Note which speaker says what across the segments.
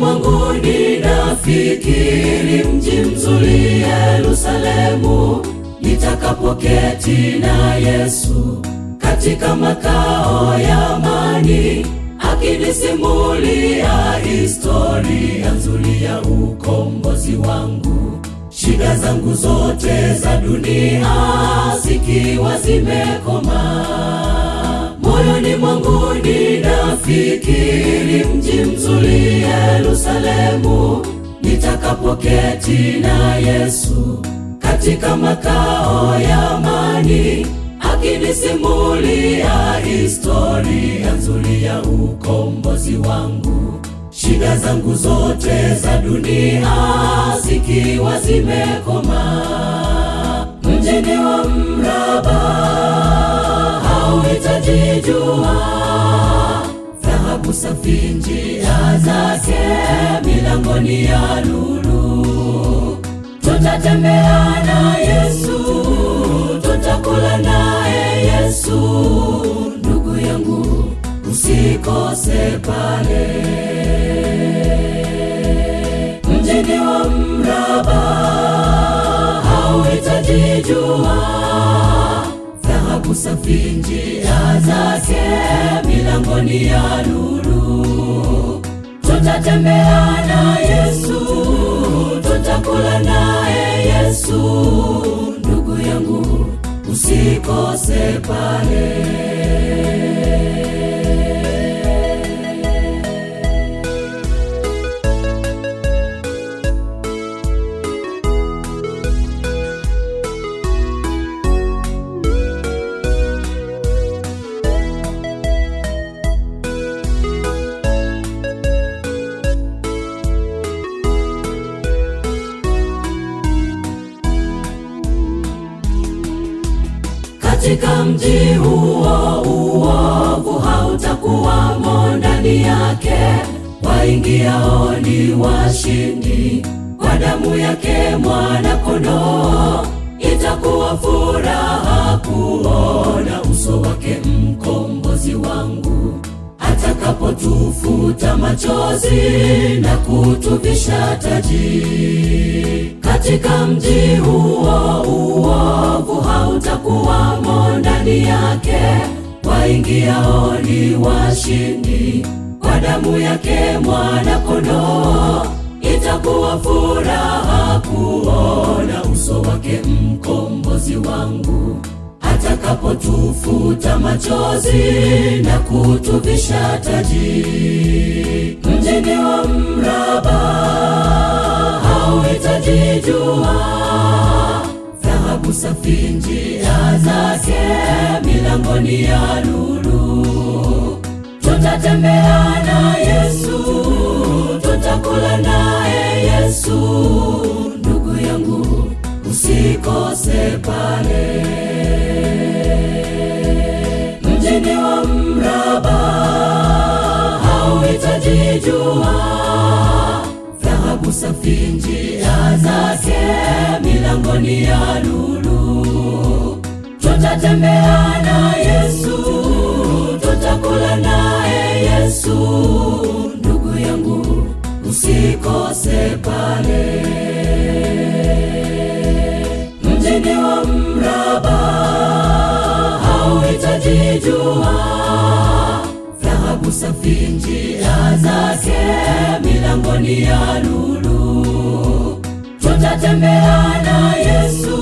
Speaker 1: ulimwenguni nafikiri, mji mzuri Yerusalemu, nitakapoketi na Yesu katika makao ya amani, akinisimulia historia nzuri ya ukombozi wangu, shida zangu zote za dunia zikiwa zimekoma moyoni mwangu ninafikiri, mji mzuri Yerusalemu, nitakapoketi na Yesu katika makao ya amani, akinisimulia historia nzuri ya ukombozi wangu, shida zangu zote za dunia zikiwa zimekoma mjini wa mraba hauitajijua dhahabu safi njia zake milangoni ya lulu. Tutatembea na Yesu, tutakula naye Yesu. Ndugu yangu, usikose pale mjini wa mraba. Hauhitaji jua, dhahabu safi njia zake milangoni ya nuru tutatembea na Yesu, tutakula naye Yesu. Ndugu yangu, usikose pale. Wakati huo uovu hautakuwamo ndani yake, waingiao ni washindi. Kwa damu yake mwana-kondoo, itakuwa furaha kuona uso wake mkombozi wangu, atakapotufuta machozi na kutuvisha taji katika mji huo uovu hautakuwamo waingiao ni washindi, kwa damu yake mwanakondoo. Itakuwa furaha kuona uso wake mkombozi wangu, atakapotufuta machozi na kutuvisha taji mjini wa mraba. Hauhitaji jua, dhahabu safi njia zake miongoni ya nuru, Tutatembea na Yesu, tutakula naye Yesu. Ndugu yangu, usikose pale mjini wa mraba, hauhitaji jua, dhahabu safi njia zake, milangoni ya lulu tutatembea na Yesu, tutakula naye Yesu. Ndugu yangu, usikose pale mjini wa Mraba, hauhitaji jua, dhahabu safi njia zake, milangoni ya lulu, tutatembea na Yesu,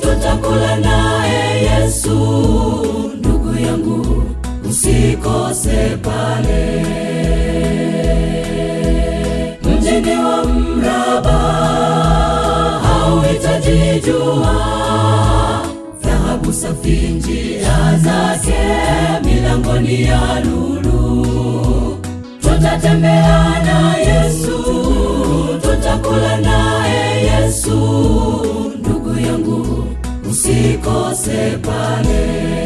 Speaker 1: tutakula mraba hauhitaji jua, dhahabu safi njia zake, milangoni ya lulu. Tutatembea na Yesu, tutakula naye Yesu. Ndugu yangu, usikose pale.